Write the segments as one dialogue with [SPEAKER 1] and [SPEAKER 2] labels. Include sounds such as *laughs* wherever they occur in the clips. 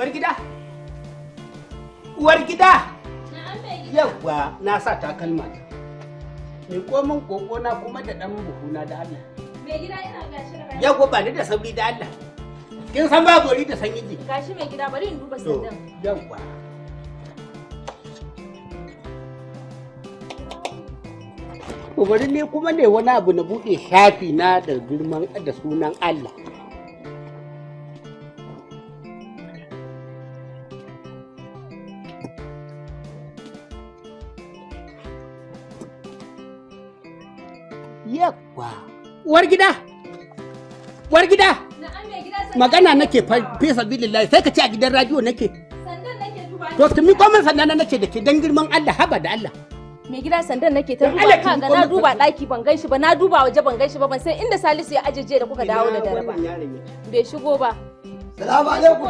[SPEAKER 1] uwar gida uwar gida yawwa na sa takalma ta mai komin na kuma da dan buhuna da Allah
[SPEAKER 2] mai gida ina gashi yawwa ba ni da
[SPEAKER 1] sauri da Allah kin san ba gori da sanyi ji
[SPEAKER 2] gashi mai gida bari in duba sandan
[SPEAKER 1] yawwa Ubari ne kuma ne wani abu na buɗe shafi na da girman da sunan Allah. yakwa Uwar gida. Uwar gida. Magana nake fesa billahi sai ka ci a gidan radio nake. To ki mi komai sandan nake da ke dan girman Allah haba da Allah.
[SPEAKER 2] Mai gida sandan nake ta duba ka ga na duba daki ban ganshi ba na duba waje ban ganshi ba ban san inda Salisu ya ajeje da kuka dawo da dare ba. Bai shigo ba.
[SPEAKER 1] Salamu alaikum.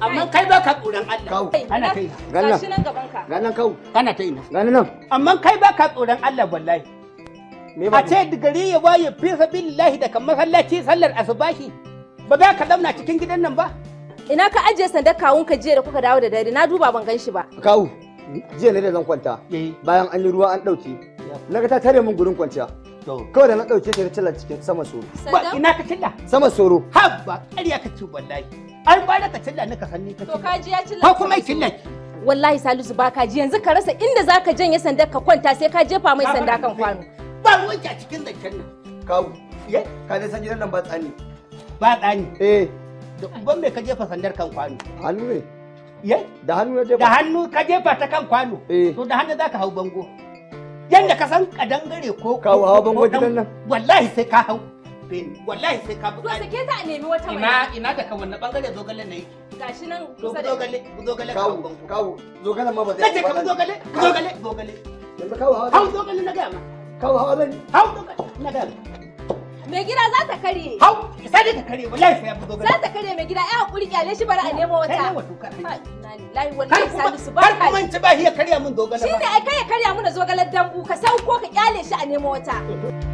[SPEAKER 1] Amma kai ba ka tsoron Allah. Ana kai. Gashi nan gaba. Ganan kau. Kana ta ina. Ganan nan. Amma kai ba ka tsoron Allah wallahi. A ce gari ya waye fi sabilillahi daga kan masallaci sallar asubahi.
[SPEAKER 2] Ba za ka zauna cikin gidan nan ba. Ina ka ajiye sandar kawunka jiya da kuka dawo da dare na duba ban gan shi
[SPEAKER 1] ba. Kawu. Jiya ne da zan kwanta. Eh. Bayan an yi ruwa an ɗauke. Na ga ta tare min gurin kwanciya. kawai da na ɗauke ta cilla cikin sama soro. Ba ina ka cilla? Sama soro. Habba, ƙarya ka ci wallahi. An ba da ka cilla ni ka sanni ka cilla. To ka ji ya Ko kuma cilla ki.
[SPEAKER 2] wallahi salisu baka ji yanzu ka rasa inda zaka janye sandar ka kwanta sai ka jefa mai sanda kan kwano
[SPEAKER 1] ba wanke a cikin zancen nan kawo ye ka da san nan ba tsani ba tsani eh da uban mai ka jefa sandar kan kwano hannu ne ye da hannu ne. da hannu ka jefa ta kan kwano eh. to da hannu zaka hau bango yanda ka san kadangare ko kawo hawa bango gidan nan wallahi sai ka hau haife wallahi sai ka buƙaci. Sake ta a nemi wata Ina ina da kawun na bangare zogale na yi. Gashi nan kusa da zogale zogale kawo kawo zogale ma ba zai. zogale zogale zogale. Yanzu kawo hawa. Hau zogale na gaya ma. Kawo hawa zan. Hau zogale na gaya ma.
[SPEAKER 2] Mai gida za ta kare. Hau
[SPEAKER 1] sai ta kare wallahi sai ya
[SPEAKER 2] fi zogale. Za ta kare mai gida ai hakuri kyale shi bari a nemo wata. Kai ne wato ka. ba
[SPEAKER 1] karya mun zogale Shi ne ai
[SPEAKER 2] kai ya karya mun zogalen dambu ka sauko ka kyale shi a nemo wata. *laughs*